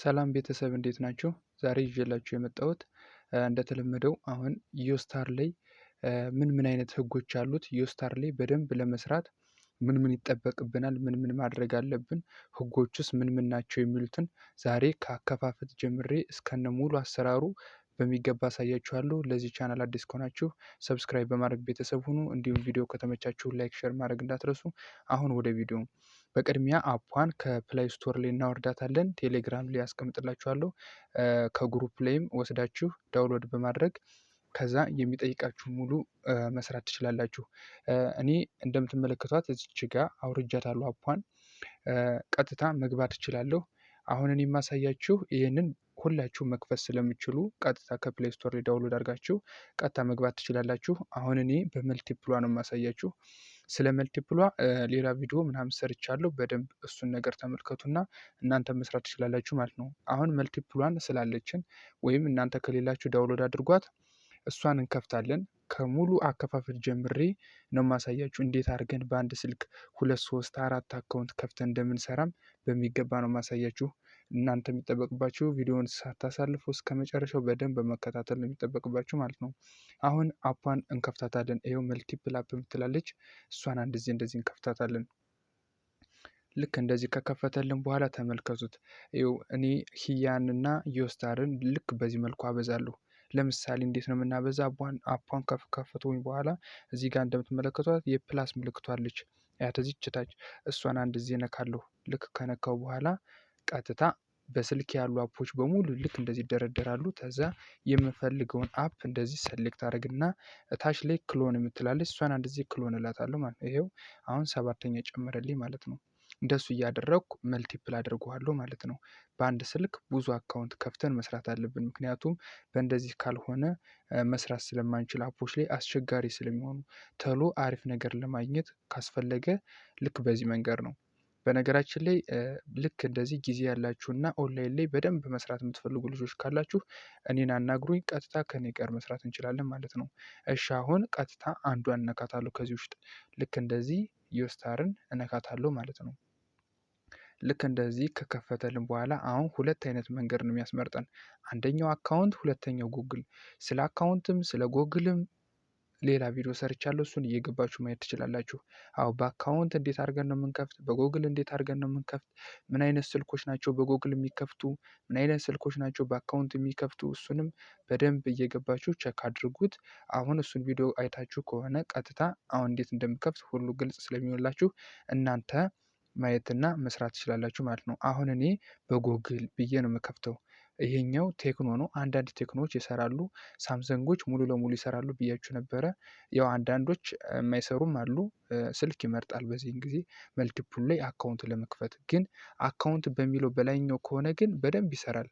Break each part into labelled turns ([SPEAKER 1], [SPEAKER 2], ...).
[SPEAKER 1] ሰላም ቤተሰብ እንዴት ናችሁ? ዛሬ ይዤላችሁ የመጣሁት እንደተለመደው አሁን ዮስታር ላይ ምን ምን አይነት ህጎች አሉት፣ ዮስታር ላይ በደንብ ለመስራት ምን ምን ይጠበቅብናል፣ ምን ምን ማድረግ አለብን፣ ህጎቹስ ምን ምን ናቸው የሚሉትን ዛሬ ከአከፋፈት ጀምሬ እስከነ ሙሉ አሰራሩ በሚገባ አሳያችኋለሁ። ለዚህ ቻናል አዲስ ከሆናችሁ ሰብስክራይብ በማድረግ ቤተሰብ ሁኑ። እንዲሁም ቪዲዮ ከተመቻችሁ ላይክ፣ ሸር ማድረግ እንዳትረሱ። አሁን ወደ ቪዲዮ በቅድሚያ አፓን ከፕላይ ስቶር ላይ እናወርዳታለን። ቴሌግራም ላይ ያስቀምጥላችኋለሁ። ከግሩፕ ላይም ወስዳችሁ ዳውንሎድ በማድረግ ከዛ የሚጠይቃችሁ ሙሉ መስራት ትችላላችሁ። እኔ እንደምትመለከቷት እዚች ጋ አውርጃታለሁ አፓን ቀጥታ መግባት እችላለሁ። አሁን እኔ የማሳያችሁ ይህንን ሁላችሁ መክፈት ስለምችሉ ቀጥታ ከፕሌይ ስቶር ላይ ዳውንሎድ አድርጋችሁ ቀጥታ መግባት ትችላላችሁ። አሁን እኔ በመልቲፕሏ ነው የማሳያችሁ። ስለ መልቲፕሏ ሌላ ቪዲዮ ምናምን ሰርቻለሁ። በደንብ እሱን ነገር ተመልከቱና እናንተ መስራት ትችላላችሁ ማለት ነው። አሁን መልቲፕሏን ስላለችን ወይም እናንተ ከሌላችሁ ዳውንሎድ አድርጓት እሷን እንከፍታለን። ከሙሉ አከፋፈል ጀምሬ ነው ማሳያችሁ እንዴት አድርገን በአንድ ስልክ ሁለት ሶስት አራት አካውንት ከፍተን እንደምንሰራም በሚገባ ነው ማሳያችሁ። እናንተ የሚጠበቅባችሁ ቪዲዮውን ሳታሳልፉ እስከ መጨረሻው በደንብ በመከታተል ነው የሚጠበቅባችሁ ማለት ነው። አሁን አፓን እንከፍታታለን። ይኸው መልቲፕል አፕ የምትላለች እሷን እንደዚህ እንደዚህ እንከፍታታለን። ልክ እንደዚህ ከከፈተልን በኋላ ተመልከቱት። ይኸው እኔ ሂያንና ዮስታርን ልክ በዚህ መልኩ አበዛለሁ። ለምሳሌ እንዴት ነው የምናበዛ? አፓን ከፍ ከፍቶኝ በኋላ እዚህ ጋር እንደምትመለከቷት የፕላስ ምልክቷ አለች። ያተዚች ችታች እሷን አንድ ዜ ነካለሁ። ልክ ከነካው በኋላ ቀጥታ በስልክ ያሉ አፖች በሙሉ ልክ እንደዚህ ይደረደራሉ። ከዛ የምፈልገውን አፕ እንደዚህ ሰሌክት አድርግና እታች ላይ ክሎን የምትላለች እሷን አንድ ዜ ክሎን እላታለሁ ማለት ነው። ይሄው አሁን ሰባተኛ ጨመረልኝ ማለት ነው። እንደሱ እያደረግኩ መልቲፕል አድርገዋለሁ ማለት ነው። በአንድ ስልክ ብዙ አካውንት ከፍተን መስራት አለብን ምክንያቱም በእንደዚህ ካልሆነ መስራት ስለማንችል አፖች ላይ አስቸጋሪ ስለሚሆኑ ተሎ አሪፍ ነገር ለማግኘት ካስፈለገ ልክ በዚህ መንገድ ነው። በነገራችን ላይ ልክ እንደዚህ ጊዜ ያላችሁና ኦንላይን ላይ በደንብ መስራት የምትፈልጉ ልጆች ካላችሁ እኔን አናግሩኝ ቀጥታ ከኔ ጋር መስራት እንችላለን ማለት ነው። እሺ አሁን ቀጥታ አንዷን እነካታለሁ ከዚህ ውስጥ ልክ እንደዚህ ዮስታርን እነካታለሁ ማለት ነው ልክ እንደዚህ ከከፈተልን በኋላ አሁን ሁለት አይነት መንገድ ነው የሚያስመርጠን። አንደኛው አካውንት፣ ሁለተኛው ጉግል ስለ አካውንትም ስለ ጎግልም ሌላ ቪዲዮ ሰርቻለሁ። እሱን እየገባችሁ ማየት ትችላላችሁ። አዎ በአካውንት እንዴት አድርገን ነው የምንከፍት፣ በጎግል እንዴት አድርገን ነው የምንከፍት፣ ምን አይነት ስልኮች ናቸው በጎግል የሚከፍቱ፣ ምን አይነት ስልኮች ናቸው በአካውንት የሚከፍቱ፣ እሱንም በደንብ እየገባችሁ ቸክ አድርጉት። አሁን እሱን ቪዲዮ አይታችሁ ከሆነ ቀጥታ አሁን እንዴት እንደምከፍት ሁሉ ግልጽ ስለሚሆንላችሁ እናንተ ማየትና መስራት ትችላላችሁ ማለት ነው። አሁን እኔ በጎግል ብዬ ነው የምከፍተው። ይሄኛው ቴክኖ ነው። አንዳንድ ቴክኖዎች ይሰራሉ ሳምሰንጎች ሙሉ ለሙሉ ይሰራሉ ብያችሁ ነበረ። ያው አንዳንዶች የማይሰሩም አሉ። ስልክ ይመርጣል በዚህን ጊዜ መልቲፑል ላይ አካውንት ለመክፈት ግን አካውንት በሚለው በላይኛው ከሆነ ግን በደንብ ይሰራል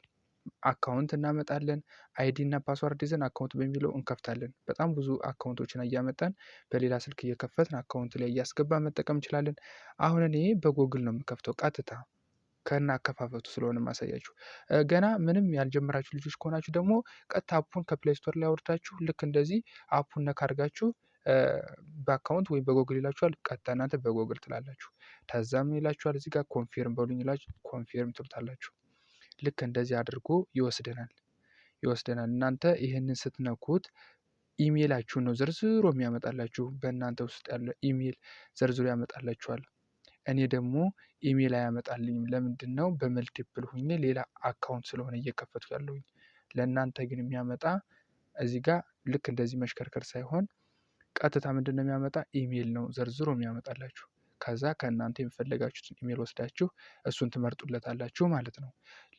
[SPEAKER 1] አካውንት እናመጣለን አይዲ እና ፓስወርድ ይዘን አካውንት በሚለው እንከፍታለን። በጣም ብዙ አካውንቶችን እያመጣን በሌላ ስልክ እየከፈትን አካውንት ላይ እያስገባ መጠቀም እንችላለን። አሁን እኔ በጎግል ነው የምከፍተው ቀጥታ ከነ አከፋፈቱ ስለሆነ ማሳያችሁ። ገና ምንም ያልጀመራችሁ ልጆች ከሆናችሁ ደግሞ ቀጥታ አፑን ከፕሌይ ስቶር ላይ አውርዳችሁ ልክ እንደዚህ አፑን ነካ አድርጋችሁ በአካውንት ወይም በጎግል ይላችኋል። ቀጥታ እናንተ በጎግል ትላላችሁ። ከዛም ይላችኋል እዚህ ጋር ኮንፊርም በሉኝ ይላችሁ ኮንፊርም ትሉታላችሁ ልክ እንደዚህ አድርጎ ይወስደናል ይወስደናል። እናንተ ይህንን ስትነኩት ኢሜይላችሁ ነው ዝርዝሮ የሚያመጣላችሁ በእናንተ ውስጥ ያለ ኢሜይል ዘርዝሮ ያመጣላችኋል። እኔ ደግሞ ኢሜይል አያመጣልኝም። ለምንድን ነው? በመልቲፕል ሁኜ ሌላ አካውንት ስለሆነ እየከፈቱ ያለሁኝ። ለእናንተ ግን የሚያመጣ እዚህ ጋር ልክ እንደዚህ መሽከርከር ሳይሆን ቀጥታ ምንድን ነው የሚያመጣ ኢሜይል ነው ዘርዝሮ የሚያመጣላችሁ። ከዛ ከእናንተ የሚፈለጋችሁትን ኢሜል ወስዳችሁ እሱን ትመርጡለታላችሁ ማለት ነው።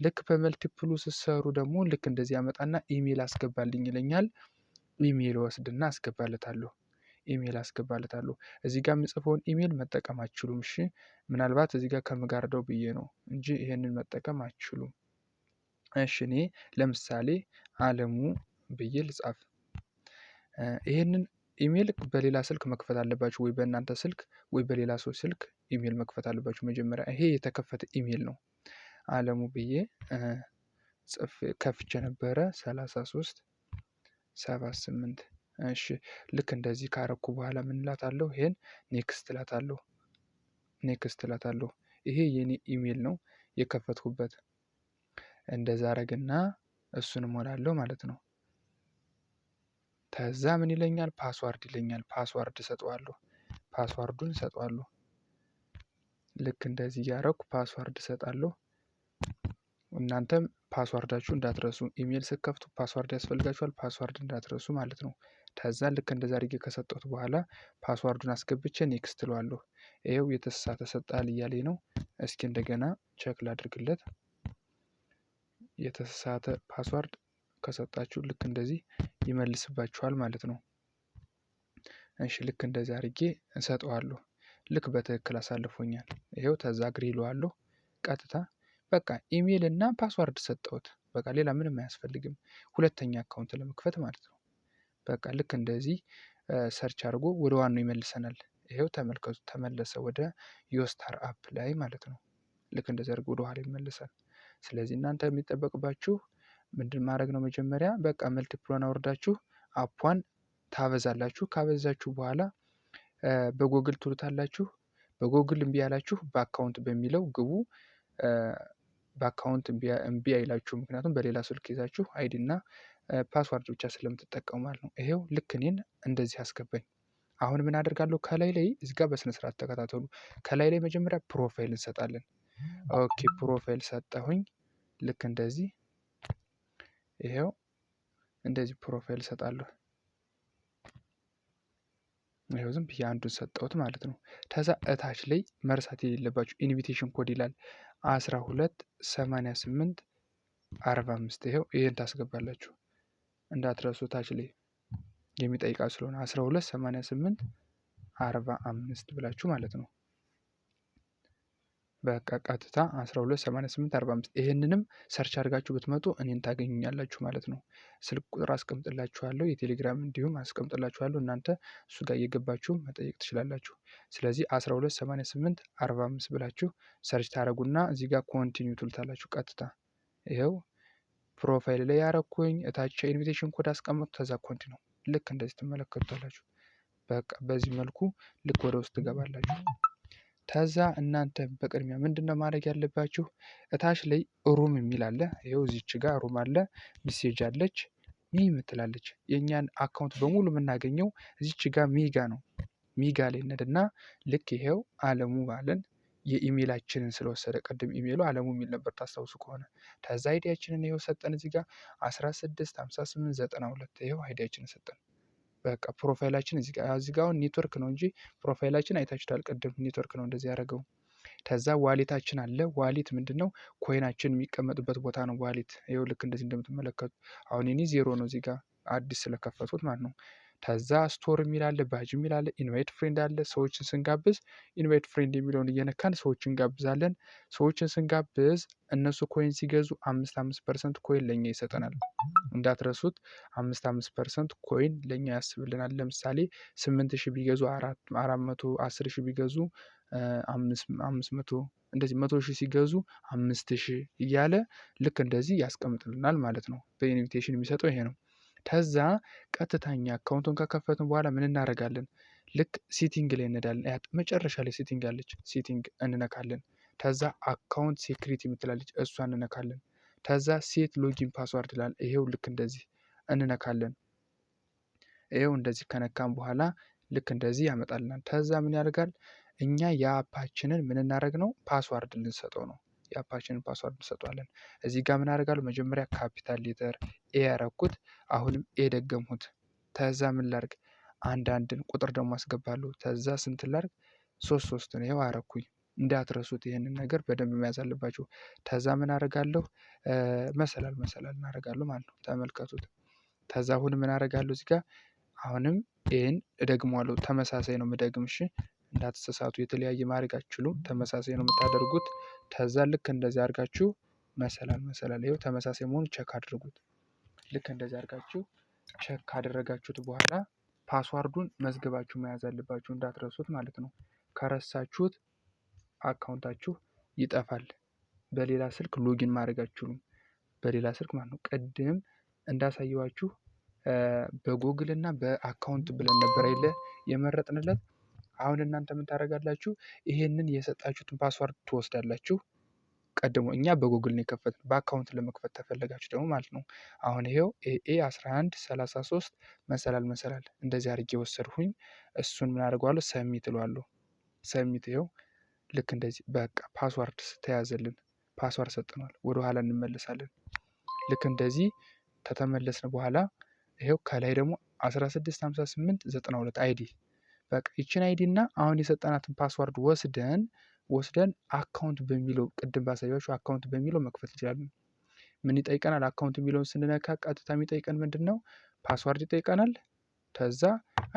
[SPEAKER 1] ልክ በመልቲፕሉ ስትሰሩ ደግሞ ልክ እንደዚህ ያመጣና ኢሜል አስገባልኝ ይለኛል። ኢሜል ወስድና አስገባለታለሁ ኢሜል አስገባለታለሁ እዚህ ጋር የምጽፈውን ኢሜል መጠቀም አችሉም እሺ ምናልባት እዚህ ጋር ከምጋርደው ብዬ ነው እንጂ ይሄንን መጠቀም አችሉም እሺ እኔ ለምሳሌ አለሙ ብዬ ልጻፍ ይሄንን ኢሜል በሌላ ስልክ መክፈት አለባችሁ ወይ በእናንተ ስልክ ወይ በሌላ ሰው ስልክ ኢሜል መክፈት አለባችሁ። መጀመሪያ ይሄ የተከፈተ ኢሜል ነው። አለሙ ብዬ ጽፍ ከፍቼ ነበረ 33 78 እሺ ልክ እንደዚህ ካረኩ በኋላ ምን እላታለሁ? ይሄን ኔክስት እላታለሁ። ኔክስት እላታለሁ። ይሄ የኔ ኢሜል ነው የከፈትኩበት። እንደዛ አረግና እሱን እሞላለሁ ማለት ነው። ከዛ ምን ይለኛል ፓስዋርድ ይለኛል። ፓስዋርድ እሰጠዋለሁ ፓስዋርዱን እሰጠዋለሁ። ልክ እንደዚህ እያረኩ ፓስዋርድ እሰጣለሁ። እናንተም ፓስዋርዳችሁ እንዳትረሱ ኢሜል ስከፍቱ ፓስዋርድ ያስፈልጋችኋል ፓስዋርድ እንዳትረሱ ማለት ነው። ከዛ ልክ እንደዛ አድርጌ ከሰጠሁት በኋላ ፓስዋርዱን አስገብቼ ኔክስት እለዋለሁ። ይኸው የተሳሳተ ሰጠሃል እያለኝ ነው። እስኪ እንደገና ቸክ ላድርግለት። የተሳሳተ ፓስዋርድ ከሰጣችሁ ልክ እንደዚህ ይመልስባችኋል ማለት ነው። እሺ ልክ እንደዚህ አድርጌ እሰጠዋለሁ። ልክ በትክክል አሳልፎኛል። ይኸው ተዛ ግሪ ይለዋለሁ። ቀጥታ በቃ ኢሜይል እና ፓስዋርድ ሰጠሁት። በቃ ሌላ ምንም አያስፈልግም። ሁለተኛ አካውንት ለመክፈት ማለት ነው። በቃ ልክ እንደዚህ ሰርች አድርጎ ወደ ዋናው ይመልሰናል። ይኸው ተመልከቱ፣ ተመለሰ ወደ ዮስታር አፕ ላይ ማለት ነው። ልክ እንደዚህ አድርጎ ወደ ኋላ ይመልሳል። ስለዚህ እናንተ የሚጠበቅባችሁ ምንድን ማድረግ ነው መጀመሪያ በቃ መልቲፕሎን አውርዳችሁ አፑን ታበዛላችሁ። ካበዛችሁ በኋላ በጎግል ትሉታላችሁ። በጎግል እምቢ ያላችሁ በአካውንት በሚለው ግቡ። በአካውንት እምቢ አይላችሁ፣ ምክንያቱም በሌላ ስልክ ይዛችሁ እና ፓስዋርድ ብቻ ስለምትጠቀሙ ማለት ነው። ይሄው ልክ እኔን እንደዚህ አስገባኝ። አሁን ምን አደርጋለሁ? ከላይ ላይ እዚህ ጋር በስነስርዓት ተከታተሉ። ከላይ ላይ መጀመሪያ ፕሮፋይል እንሰጣለን። ኦኬ ፕሮፋይል ሰጠሁኝ። ልክ እንደዚህ ይሄው እንደዚህ ፕሮፋይል ሰጣለሁ። ይሄው ዝም ብዬ አንዱን ሰጠሁት ማለት ነው። ከዛ እታች ላይ መርሳት የሌለባችሁ ኢንቪቴሽን ኮድ ይላል 88 45 ይሄው ይሄን ታስገባላችሁ እንዳትረሱ እታች ላይ የሚጠይቃ ስለሆነ 1288 45 ብላችሁ ማለት ነው። በቃ ቀጥታ 128845 ይህንንም ሰርች አድርጋችሁ ብትመጡ እኔን ታገኙኛላችሁ ማለት ነው። ስልክ ቁጥር አስቀምጥላችኋለሁ፣ የቴሌግራም እንዲሁም አስቀምጥላችኋለሁ። እናንተ እሱ ጋር እየገባችሁ መጠየቅ ትችላላችሁ። ስለዚህ 128845 ብላችሁ ሰርች ታደረጉና እዚህ ጋር ኮንቲኒው ትሉታላችሁ። ቀጥታ ይኸው ፕሮፋይል ላይ ያረኩኝ፣ እታች ኢንቪቴሽን ኮድ አስቀምጡ፣ ተዛ ኮንቲኒው። ልክ እንደዚህ ትመለከቱታላችሁ። በቃ በዚህ መልኩ ልክ ወደ ውስጥ ትገባላችሁ። ከዛ እናንተ በቅድሚያ ምንድን ነው ማድረግ ያለባችሁ? እታች ላይ ሩም የሚል አለ። ይኸው እዚች ጋር ሩም አለ፣ ሚሴጅ አለች፣ ሚ ምትላለች። የእኛን አካውንት በሙሉ የምናገኘው እዚች ጋር ሚጋ ነው። ሚጋ ላይ ነድና ልክ ይሄው አለሙ ባለን የኢሜላችንን ስለወሰደ ቅድም ኢሜሉ አለሙ የሚል ነበር ታስታውሱ ከሆነ ከዛ አይዲያችንን ይኸው ሰጠን እዚህ ጋር 16 58 92 ይኸው አይዲያችንን ሰጠን። በቃ ፕሮፋይላችን እዚህ ጋር አሁን ኔትወርክ ነው እንጂ ፕሮፋይላችን አይታችታል ቅድም ኔትወርክ ነው እንደዚህ ያደረገው። ከዛ ዋሌታችን አለ። ዋሌት ምንድን ነው? ኮይናችን የሚቀመጥበት ቦታ ነው። ዋሌት ይኸው ልክ እንደዚህ እንደምትመለከቱ አሁን የኔ ዜሮ ነው እዚህ ጋር አዲስ ስለከፈቱት ማለት ነው። ከዛ ስቶር የሚል አለ፣ ባጅ የሚል አለ፣ ኢንቫይት ፍሬንድ አለ። ሰዎችን ስንጋብዝ ኢንቫይት ፍሬንድ የሚለውን እየነካን ሰዎችን እንጋብዛለን። ሰዎችን ስንጋብዝ እነሱ ኮይን ሲገዙ አምስት አምስት ፐርሰንት ኮይን ለእኛ ይሰጠናል። እንዳትረሱት፣ አምስት አምስት ፐርሰንት ኮይን ለእኛ ያስብልናል። ለምሳሌ ስምንት ሺህ ቢገዙ አራት መቶ አስር ሺህ ቢገዙ አምስት መቶ እንደዚህ መቶ ሺህ ሲገዙ አምስት ሺህ እያለ ልክ እንደዚህ ያስቀምጥልናል ማለት ነው። በኢንቪቴሽን የሚሰጠው ይሄ ነው። ከዛ ቀጥተኛ አካውንቱን ከከፈትን በኋላ ምን እናደርጋለን? ልክ ሲቲንግ ላይ እንሄዳለን። ያት መጨረሻ ላይ ሲቲንግ አለች። ሲቲንግ እንነካለን። ከዛ አካውንት ሴክሪቲ የምትላለች እሷ እንነካለን። ከዛ ሴት ሎጊን ፓስዋርድ ላል ይሄው ልክ እንደዚህ እንነካለን። ይሄው እንደዚህ ከነካም በኋላ ልክ እንደዚህ ያመጣልናል። ከዛ ምን ያደርጋል? እኛ የአፓችንን ምን እናደርግ ነው ፓስዋርድ ልንሰጠው ነው። የአፓችንን ፓስዋርድ እንሰጠዋለን። እዚህ ጋር ምን አደርጋለሁ? መጀመሪያ ካፒታል ሌተር ኤ ያረኩት፣ አሁንም ኤ ደገምሁት። ተዛ ምን ላርግ? አንዳንድን ቁጥር ደግሞ አስገባለሁ። ተዛ ስንት ላርግ? ሶስት ሶስት ነው። ይኸው አረኩኝ። እንዳትረሱት ይህንን ነገር በደንብ መያዝ አለባችሁ። ተዛ ምን አደርጋለሁ? መሰላል መሰላል እናደርጋለሁ ማለት ነው። ተመልከቱት። ተዛ አሁን ምን አደርጋለሁ? እዚህ ጋር አሁንም ኤን እደግመዋለሁ። ተመሳሳይ ነው ምደግም። እሺ እንዳትሳሳቱ የተለያየ ማድረግ አትችሉም። ተመሳሳይ ነው የምታደርጉት። ከዛ ልክ እንደዚህ አድርጋችሁ መሰላል መሰላል ይኸው ተመሳሳይ መሆኑ ቸክ አድርጉት። ልክ እንደዚህ አድርጋችሁ ቸክ ካደረጋችሁት በኋላ ፓስዋርዱን መዝግባችሁ መያዝ አለባችሁ እንዳትረሱት ማለት ነው። ከረሳችሁት አካውንታችሁ ይጠፋል። በሌላ ስልክ ሎጊን ማድረግ አትችሉም። በሌላ ስልክ ማለት ነው። ቅድም እንዳሳየዋችሁ በጎግል እና በአካውንት ብለን ነበር የለ የመረጥንለት አሁን እናንተ ምን ታደርጋላችሁ? ይሄንን የሰጣችሁትን ፓስዋርድ ትወስዳላችሁ። ቀድሞ እኛ በጉግል ነው የከፈትን በአካውንት ለመክፈት ተፈለጋችሁ ደግሞ ማለት ነው። አሁን ይሄው ኤኤ 11 33 መሰላል መሰላል እንደዚህ አድርጌ ወሰድሁኝ። እሱን ምን አደርገዋለሁ? ሰሚት እለዋለሁ። ሰሚት ይኸው ልክ እንደዚህ በቃ ፓስዋርድ ተያዘልን፣ ፓስዋርድ ሰጥኗል። ወደ ኋላ እንመለሳለን። ልክ እንደዚህ ከተመለስን በኋላ ይኸው ከላይ ደግሞ 92 አይዲ በቃ ይችን አይዲ እና አሁን የሰጠናትን ፓስዋርድ ወስደን ወስደን አካውንት በሚለው ቅድም ባሳያችሁ አካውንት በሚለው መክፈት እንችላለን። ምን ይጠይቀናል? አካውንት የሚለውን ስንነካ ቀጥታ የሚጠይቀን ምንድን ነው? ፓስወርድ ይጠይቀናል። ከዛ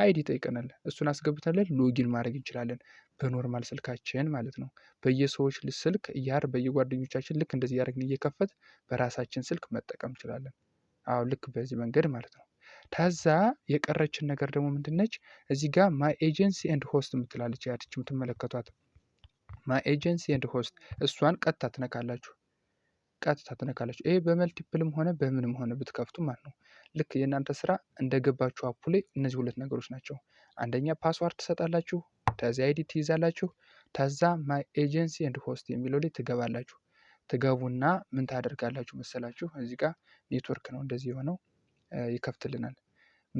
[SPEAKER 1] አይዲ ይጠይቀናል። እሱን አስገብተንለን ሎጊን ማድረግ እንችላለን በኖርማል ስልካችን ማለት ነው። በየሰዎች ስልክ እያር በየጓደኞቻችን ልክ እንደዚህ እያደረግን እየከፈት በራሳችን ስልክ መጠቀም እንችላለን። አዎ ልክ በዚህ መንገድ ማለት ነው። ታዛ የቀረችን ነገር ደግሞ ምንድነች? እዚህ ጋር ማይ ኤጀንሲ ኤንድ ሆስት የምትላለች ያድች የምትመለከቷት ማይ ኤጀንሲ ኤንድ ሆስት እሷን ቀጥታ ትነካላችሁ ቀጥታ ትነካላችሁ። ይሄ በመልቲፕልም ሆነ በምንም ሆነ ብትከፍቱ ማለት ነው። ልክ የእናንተ ስራ እንደገባችሁ አፑ ላይ እነዚህ ሁለት ነገሮች ናቸው። አንደኛ ፓስዋርድ ትሰጣላችሁ፣ ተዚ አይዲ ትይዛላችሁ፣ ተዛ ማይ ኤጀንሲ ኤንድ ሆስት የሚለው ላይ ትገባላችሁ። ትገቡና ምን ታደርጋላችሁ መሰላችሁ? እዚህ ጋር ኔትወርክ ነው እንደዚህ የሆነው ይከፍትልናል።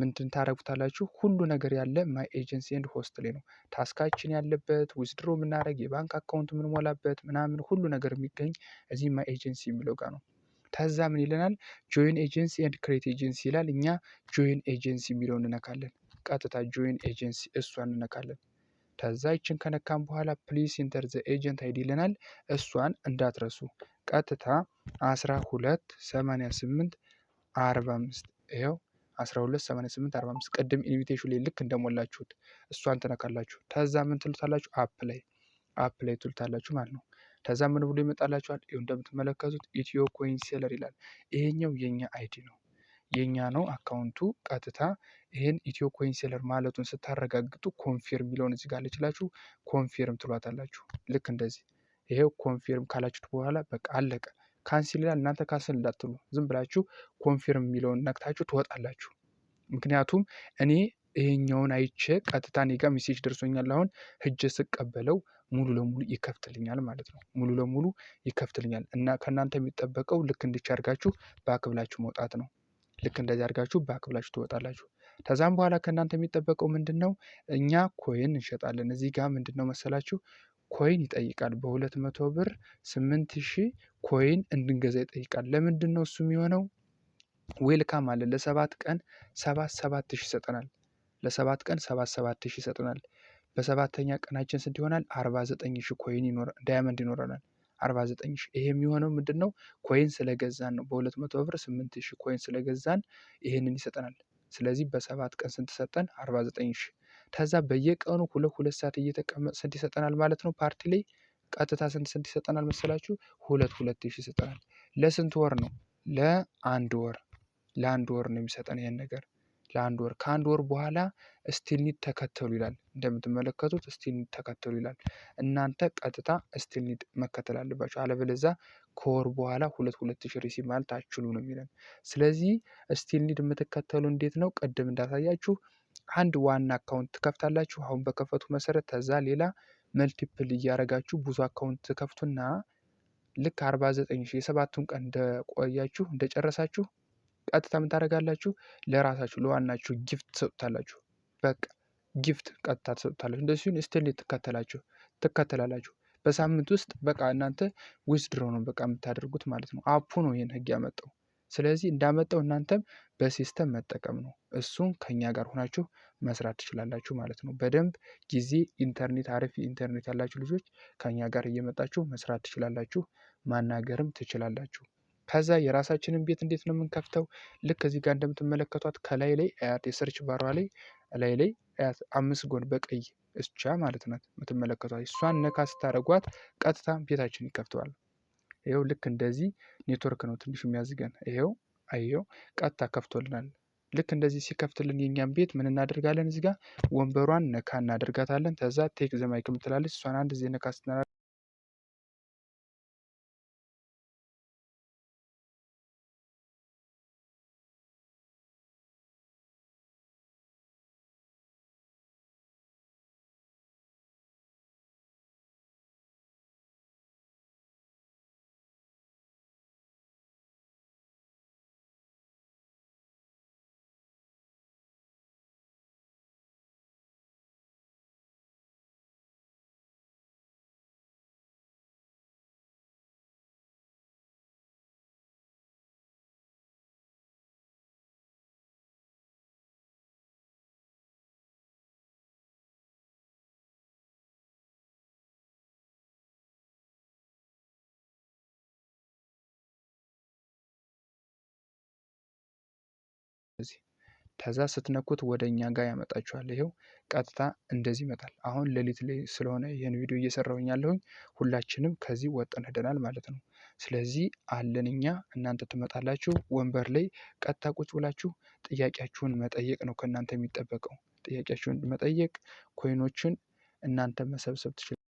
[SPEAKER 1] ምንድን ታደርጉታላችሁ? ሁሉ ነገር ያለ ማይ ኤጀንሲ ኤንድ ሆስት ላይ ነው። ታስካችን ያለበት ዊዝድሮ የምናደርግ የባንክ አካውንት የምንሞላበት ምናምን ሁሉ ነገር የሚገኝ እዚህ ማይ ኤጀንሲ የሚለው ጋር ነው። ከዛ ምን ይለናል? ጆይን ኤጀንሲ ኤንድ ክሬት ኤጀንሲ ይላል። እኛ ጆይን ኤጀንሲ የሚለው እንነካለን። ቀጥታ ጆይን ኤጀንሲ እሷን እንነካለን። ከዛ ይችን ከነካም በኋላ ፕሊስ ኢንተር ዘ ኤጀንት አይዲ ይለናል። እሷን እንዳትረሱ። ቀጥታ 12 88 45 አርባ አምስት ይኸው 128845 ቅድም ኢንቪቴሽን ላይ ልክ እንደሞላችሁት እሷን ትነካላችሁ። ተዛ ምን ትሉታላችሁ? አፕ ላይ አፕ ላይ ትሉታላችሁ ማለት ነው። ተዛ ምን ብሎ ይመጣላችኋል? ይኸው እንደምትመለከቱት ኢትዮ ኮይን ሴለር ይላል። ይሄኛው የኛ አይዲ ነው የኛ ነው አካውንቱ። ቀጥታ ይህን ኢትዮ ኮይን ሴለር ማለቱን ስታረጋግጡ ኮንፊርም የሚለውን እዚህ ጋር ልችላችሁ ኮንፊርም ትሏታላችሁ። ልክ እንደዚህ ይሄው ኮንፊርም ካላችሁት በኋላ በቃ አለቀ። ካንሲል ይላል። እናንተ ካንስል እንዳትሉ ዝም ብላችሁ ኮንፊርም የሚለውን ነክታችሁ ትወጣላችሁ። ምክንያቱም እኔ ይሄኛውን አይቼ ቀጥታ እኔ ጋር ሜሴጅ ደርሶኛል። አሁን ሂጄ ስቀበለው ሙሉ ለሙሉ ይከፍትልኛል ማለት ነው። ሙሉ ለሙሉ ይከፍትልኛል እና ከእናንተ የሚጠበቀው ልክ እንድች አድርጋችሁ በአክብላችሁ መውጣት ነው። ልክ እንደዚህ አድርጋችሁ በአክብላችሁ ትወጣላችሁ። ከዛም በኋላ ከእናንተ የሚጠበቀው ምንድን ነው? እኛ ኮይን እንሸጣለን። እዚህ ጋር ምንድን ነው መሰላችሁ ኮይን ይጠይቃል። በሁለት መቶ ብር ስምንት ሺህ ኮይን እንድንገዛ ይጠይቃል። ለምንድን ነው እሱ የሚሆነው? ዌልካም አለ ለሰባት ቀን 77000 ሰባት ይሰጠናል። ለሰባት ቀን 77000 ይሰጠናል። በሰባተኛ ቀናችን ስንት ይሆናል? 49000 ኮይን ይኖራል፣ ዳያመንድ ይኖረናል። አርባ ይሄ የሚሆነው ምንድን ነው? ኮይን ስለገዛን ነው። በ በ200 ብር 8000 ኮይን ስለገዛን ይሄንን ይሰጠናል። ስለዚህ በሰባት ቀን ስንት ሰጠን? 49000 ከዛ በየቀኑ ሁለት ሁለት ሰዓት እየተቀመጥ ስንት ይሰጠናል ማለት ነው? ፓርቲ ላይ ቀጥታ ስንት ስንት ይሰጠናል መሰላችሁ? ሁለት ሁለት ሺህ ይሰጠናል። ለስንት ወር ነው? ለአንድ ወር ለአንድ ወር ነው የሚሰጠን ይሄን ነገር ለአንድ ወር ከአንድ ወር በኋላ ስቲልኒድ ተከተሉ ይላል። እንደምትመለከቱት ስቲልኒድ ተከተሉ ይላል። እናንተ ቀጥታ ስቲልኒድ መከተል አለባቸው። አለበለዛ ከወር በኋላ ሁለት ሁለት ሺ ሪሲቭ ማለት አችሉ ነው የሚለን። ስለዚህ ስቲልኒድ የምትከተሉ እንዴት ነው? ቅድም እንዳሳያችሁ አንድ ዋና አካውንት ትከፍታላችሁ። አሁን በከፈቱ መሰረት ከዛ ሌላ መልቲፕል እያደረጋችሁ ብዙ አካውንት ትከፍቱና ልክ 49 ሺህ የሰባቱን ቀን እንደቆያችሁ እንደጨረሳችሁ ቀጥታ ምን ታደርጋላችሁ? ለራሳችሁ ለዋናችሁ ጊፍት ትሰጡታላችሁ። በቃ ጊፍት ቀጥታ ትሰጡታላችሁ። እንደዚ ሲሆን ስቴል ትከተላችሁ ትከተላላችሁ በሳምንት ውስጥ በቃ እናንተ ዊዝድሮ ነው በቃ የምታደርጉት ማለት ነው። አፑ ነው ይህን ህግ ያመጣው። ስለዚህ እንዳመጣው እናንተም በሲስተም መጠቀም ነው። እሱን ከኛ ጋር ሆናችሁ መስራት ትችላላችሁ ማለት ነው። በደንብ ጊዜ ኢንተርኔት አሪፍ ኢንተርኔት ያላችሁ ልጆች ከኛ ጋር እየመጣችሁ መስራት ትችላላችሁ፣ ማናገርም ትችላላችሁ። ከዛ የራሳችንን ቤት እንዴት ነው የምንከፍተው? ልክ እዚህ ጋር እንደምትመለከቷት ከላይ ላይ አያት የሰርች ባሯ ላይ ላይ ላይ አያት አምስት ጎን በቀይ እስቻ ማለት ናት የምትመለከቷት። እሷን ነካ ስታደረጓት ቀጥታ ቤታችን ይከፍተዋል። ይሄው ልክ እንደዚህ ኔትወርክ ነው ትንሽ የሚያዝገን። ይሄው አየው ቀጥታ ከፍቶልናል። ልክ እንደዚህ ሲከፍትልን የእኛን ቤት ምን እናደርጋለን እዚህ ጋር ወንበሯን ነካ እናደርጋታለን። ተዛ ቴክ ዘማይክ የምትላለች እሷን አንድ ጊዜ ነካ ስትና እንደዚህ ከዛ ስትነኩት ወደ እኛ ጋር ያመጣችኋል። ይኸው ቀጥታ እንደዚህ ይመጣል። አሁን ሌሊት ላይ ስለሆነ ይህን ቪዲዮ እየሰራሁኝ ያለሁኝ ሁላችንም ከዚህ ወጠን ሄደናል ማለት ነው። ስለዚህ አለን እኛ፣ እናንተ ትመጣላችሁ ወንበር ላይ ቀጥታ ቁጭ ብላችሁ ጥያቄያችሁን መጠየቅ ነው ከእናንተ የሚጠበቀው። ጥያቄያችሁን መጠየቅ ኮይኖችን እናንተ መሰብሰብ ትችላላችሁ።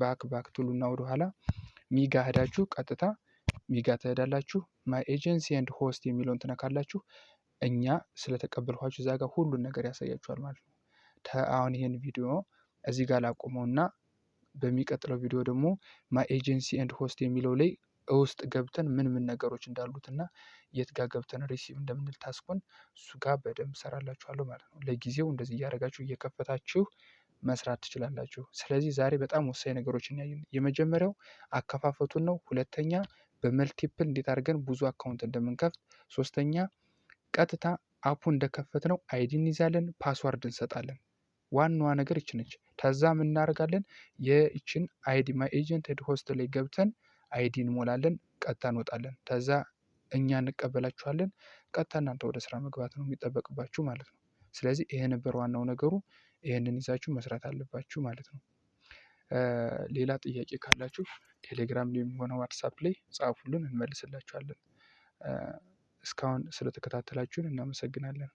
[SPEAKER 1] ባክ ባክ ትሉና ወደኋላ ሚጋ ሄዳችሁ ቀጥታ ሚጋ ትሄዳላችሁ። ማይ ኤጀንሲ ኤንድ ሆስት የሚለውን ትነካላችሁ። እኛ ስለተቀበልኳችሁ እዛ ጋር ሁሉን ነገር ያሳያችኋል ማለት ነው። አሁን ይሄን ቪዲዮ እዚህ ጋር እና በሚቀጥለው ቪዲዮ ደግሞ ማይ ኤጀንሲ ኤንድ ሆስት የሚለው ላይ ውስጥ ገብተን ምን ምን ነገሮች እንዳሉትና የት ጋር ገብተን ሪሲቭ እንደምንል ታስኮን እሱ ጋር በደንብ ሰራላችኋለሁ ማለት ነው። ለጊዜው እንደዚህ እያደረጋችሁ እየከፈታችሁ መስራት ትችላላችሁ። ስለዚህ ዛሬ በጣም ወሳኝ ነገሮች ያየን፣ የመጀመሪያው አከፋፈቱን ነው። ሁለተኛ በመልቲፕል እንዴት አድርገን ብዙ አካውንት እንደምንከፍት፣ ሶስተኛ ቀጥታ አፑ እንደከፈት ነው አይዲ እንይዛለን፣ ፓስዋርድ እንሰጣለን። ዋናዋ ነገር ይች ነች። ከዛ ምን እናደርጋለን? የእችን አይዲ ማይ ኤጀንት ሄድ ሆስት ላይ ገብተን አይዲ እንሞላለን፣ ቀጥታ እንወጣለን። ከዛ እኛ እንቀበላችኋለን። ቀጥታ እናንተ ወደ ስራ መግባት ነው የሚጠበቅባችሁ ማለት ነው። ስለዚህ ይሄ ነበር ዋናው ነገሩ። ይህንን ይዛችሁ መስራት አለባችሁ ማለት ነው። ሌላ ጥያቄ ካላችሁ ቴሌግራም ላይም ሆነ ዋትሳፕ ላይ ጻፉልን፣ እንመልስላችኋለን። እስካሁን ስለተከታተላችሁን እናመሰግናለን።